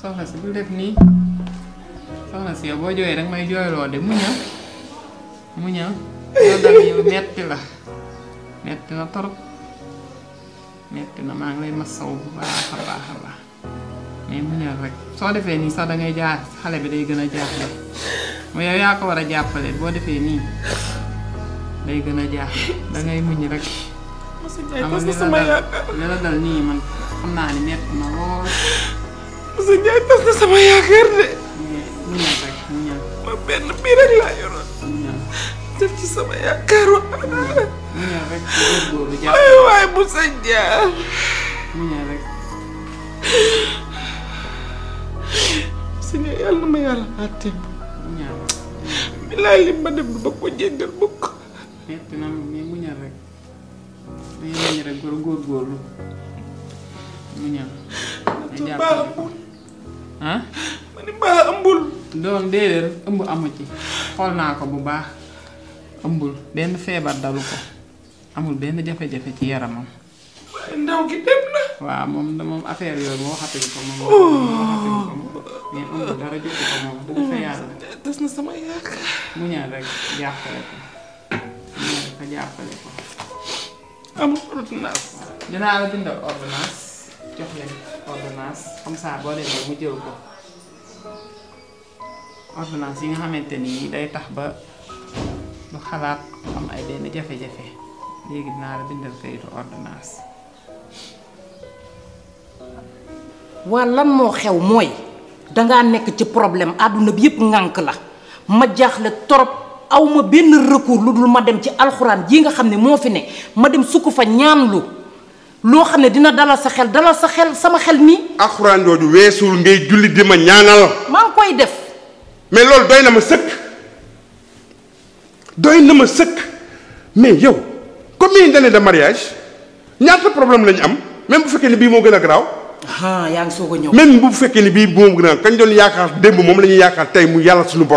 soxna si bul def nii soxna si yow boo jooyee danga may jooyloo de muñal muñal loolu dal yow metti la metti na torop metti na maa ngi lay masaw bu baax a baax a baax mais muñal rek soo Ya, ya, ma yow yaa ko wara jappale bo defé ni day gëna jaax da ngay muñ rek sama yaakaar la dal nii man xam ni na na sama yaakaar de muñal rek muñal ma benn bii rek laa yoroon def ci sama yaakaar wa muñal rek góorgóorlu jàpp waay waay Moussa Ndiaye muñal rek Moussa Ndiaye yàlla ma ñaan bilaay li ma def ba ko jéggal bukk metti na mais muñal rek dañu muñ rek góor góor góorlu muñal baa ëmbul ah ma ni baa ëmbul doom déedéet ëmb amu ci xool naa ko bu baax ëmbul benn feebar dalu ko amul benn jafe-jafe ci yaramam waaye ndaw gi dem na waaw moom moom affaire yooyu moo waxatuñ ko moom moo waxatuñ ko moom mais ëmb dara jotu ko moom dëgg fa yàlla tas sama yaakaar. muñal rek jàppale ko muñal la bindal ordonnance mu jël ko ordonnance yi nga xamante ni day tax ba du xalaat am ay benn jafe-jafe léegi dinaa la bindal kayitu ordonnance. waa lan moo xew mooy. dangaa nekk ci problème àdduna bi yëpp ŋànk la ma jaaxle torop aw ma benn recours lu dul ma dem ci alxuraan jii nga xam ne moo fi ne ma dem sukk fa ñaanlu loo xam ne dina dalal sa xel dalal sa xel sama xel mi. alxuraan jooju weesul ngay julli di ma ñaanal. maa ngi koy def. mais loolu doy na ma sëkk doy na ma sëkk mais yow combien d'années de mariage ñaata problème lañu am même bu fekkee ne bii moo gën a garaaw. yaa a ñëw même bu fekkee ni bii moom gën a kañ doon yaakaar démb moom la ñuy yaakaar tey mu yàlla suñu borom.